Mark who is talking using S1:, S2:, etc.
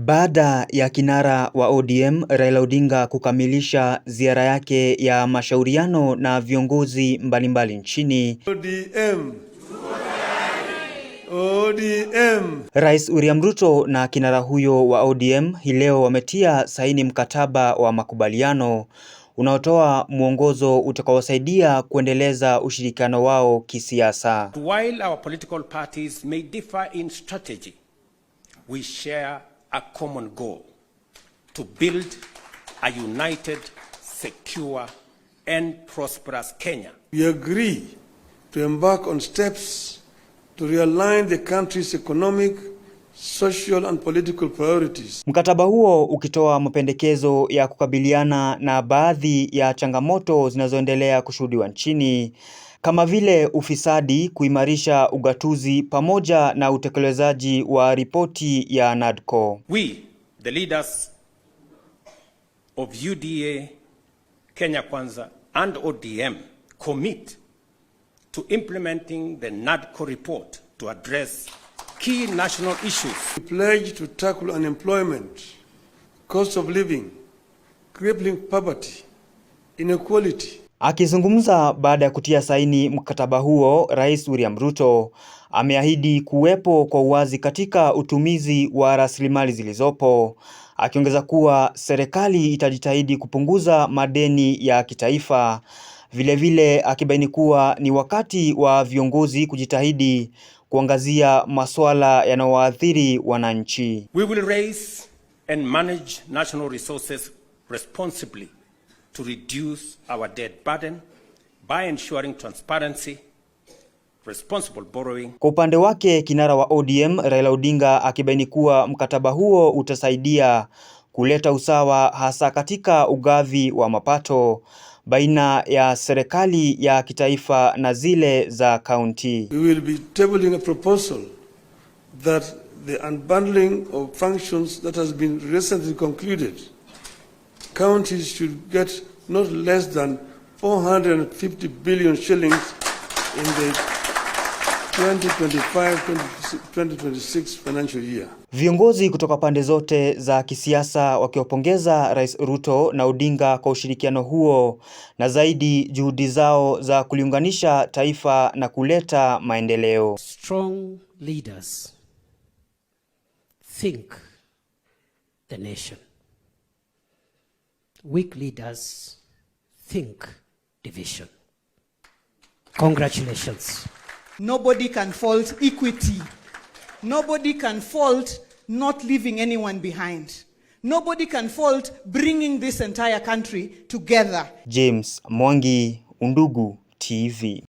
S1: Baada ya kinara wa ODM Raila Odinga kukamilisha ziara yake ya mashauriano na viongozi mbalimbali nchini,
S2: ODM. ODM.
S1: Rais William Ruto na kinara huyo wa ODM hii leo wametia saini mkataba wa makubaliano unaotoa mwongozo utakaowasaidia kuendeleza ushirikiano wao kisiasa.
S3: While our political parties may differ in strategy, we share a common goal to build a united, secure, and prosperous Kenya.
S4: We agree to embark on steps to realign the country's economic, social and political priorities.
S1: Mkataba huo ukitoa mapendekezo ya kukabiliana na baadhi ya changamoto zinazoendelea kushuhudiwa nchini kama vile ufisadi, kuimarisha ugatuzi pamoja na utekelezaji wa ripoti ya NADCO.
S3: We, the leaders of UDA, Kenya Kwanza and ODM commit to implementing the NADCO report to address key national issues.
S4: We pledge to tackle unemployment, cost of living, crippling poverty, inequality
S1: Akizungumza baada ya kutia saini mkataba huo, Rais William Ruto ameahidi kuwepo kwa uwazi katika utumizi wa rasilimali zilizopo, akiongeza kuwa serikali itajitahidi kupunguza madeni ya kitaifa. Vilevile akibaini kuwa ni wakati wa viongozi kujitahidi kuangazia masuala yanayowaathiri wananchi.
S3: We will raise and manage national resources responsibly to reduce our debt burden by ensuring transparency, responsible borrowing.
S1: Kwa upande wake, kinara wa ODM Raila Odinga akibaini kuwa mkataba huo utasaidia kuleta usawa hasa katika ugavi wa mapato baina ya serikali ya kitaifa na zile za kaunti.
S4: We will be tabling a proposal that the unbundling of functions that has been recently concluded counties should get not less than 450 billion shillings in the 2025-2026 financial year.
S1: Viongozi kutoka pande zote za kisiasa wakiwapongeza Rais Ruto na Odinga kwa ushirikiano huo na zaidi juhudi zao za kuliunganisha taifa na kuleta maendeleo.
S5: Strong leaders think the nation weak leaders think division. Congratulations.
S6: Nobody can fault equity. Nobody can fault not leaving anyone behind. Nobody can fault bringing this entire country together.
S1: James Mwangi, Undugu TV.